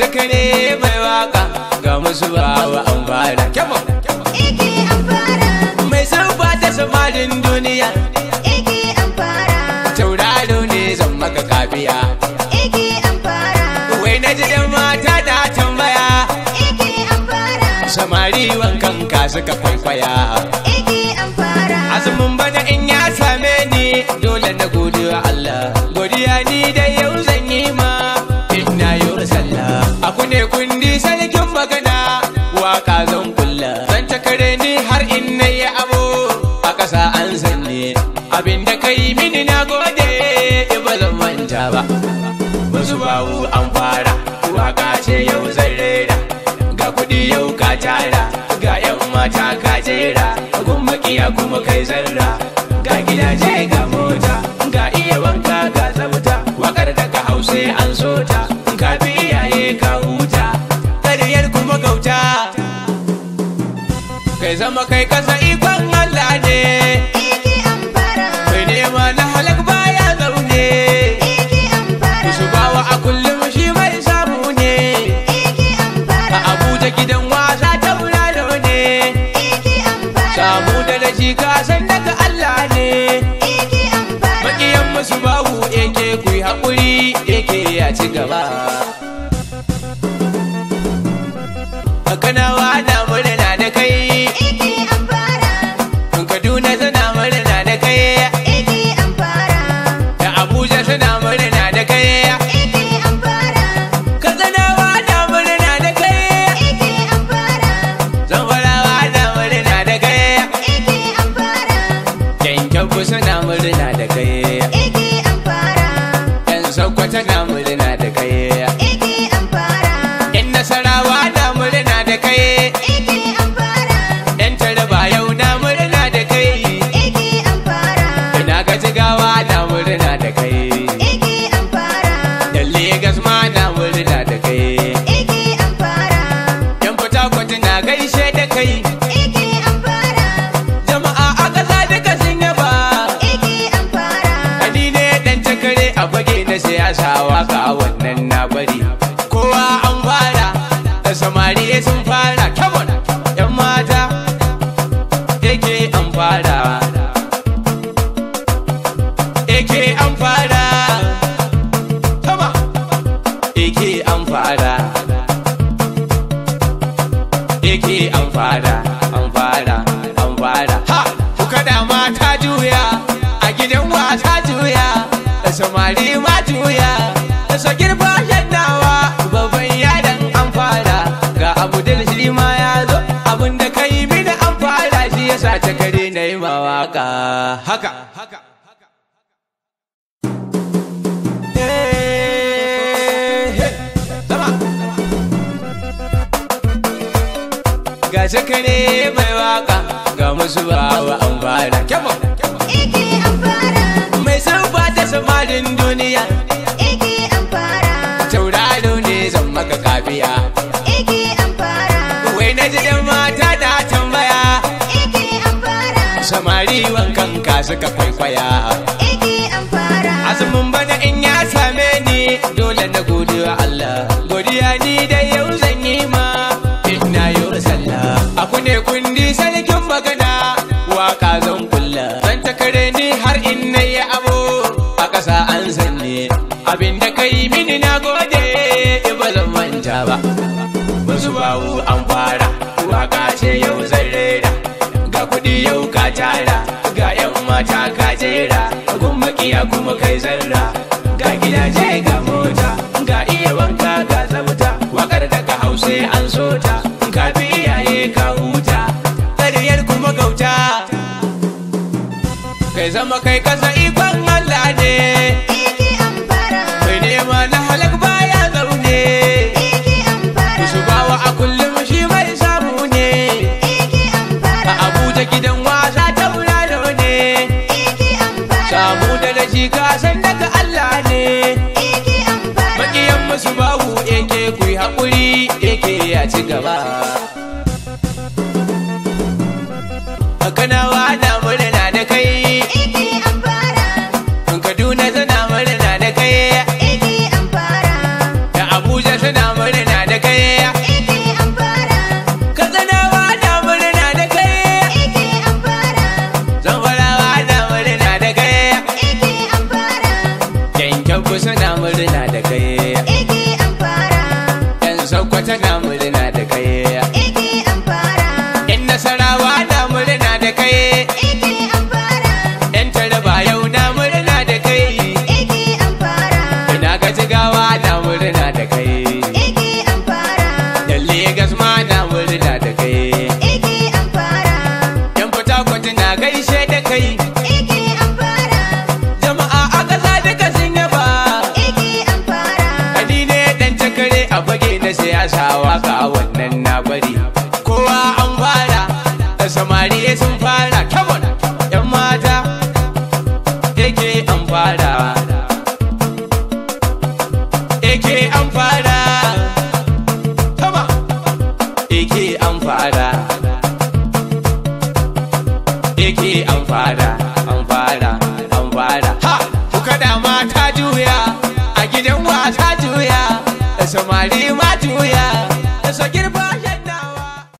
ne mai waka ga musu bawa an fara kyamma ike an fara mai zurfa ta samarin duniya ike an fara tauraro ne zan maka kafiya ike an fara wai na ji dan mata da tambaya ike an fara samari wankan ka suka kwaikwaya ike an fara azumin bana in ya same ni dole na godiya ta ba wasu bawu an fara waka ce yau zan rera ga kuɗi yau ka tara ga yan mata ka jera gun makiya kuma kai zarra ga gidaje ga mota ga iya wanka ga tsafta wakar daga ka hause an sota ka bi iyaye ka huta ƙaryar kuma gauta kai zama kai kasa ikon Allah ne Iki an Kai nema na shi ka san daga Allah ne Makiyan musu babu eke kuyi haƙuri eke ya ci gaba kusa na murna da kai. Iki an fara. Yan sakwata na samari ma juya da so girba shaddawa babban yadan an fara ga abu da shi ma ya zo abin da kai mini an fara shi yasa ta kare na yi mawaka haka haka eh, eh, ga shakare mai waka ga musu bawa an fara kyamma ike an fara mai san da samarin duniya Igi an Tauraro ne zan maka kafiya Ike an Wai na ji dan mata da tambaya Ike an Samari wankan ka suka kwaikwaya Ike an Azumin bana in ya same ni dole na gode wa Allah Godiya ni da yau zan yi ma Ina yau sallah Aku ne kundi sarkin magana Waka zan kulla Zan takare ni har in na abu abin da kai mini na gode eh, ba zan manta ba musu bawu an fara waka ce yau zan rera ga kudi yau ka tara ga yan mata ka jera kun makiya kuma kai zarra ga gidaje ga mota ga iya wanka ga tsafta wakar daga hausa an sota ka fi iyaye ka huta tsariyar kuma gauta kai zama kai kasa ikon Allah ne gasan san daga Allah ne Iki masu Makiyan musu babu yake kuyi hakuri haƙuri yake ya ci gaba suna murna da kai. an fara. na fara eke an fara Kama eke an fara eke an fara an fara an fara ha kuka da mata juya a gidan mata juya samari mata juya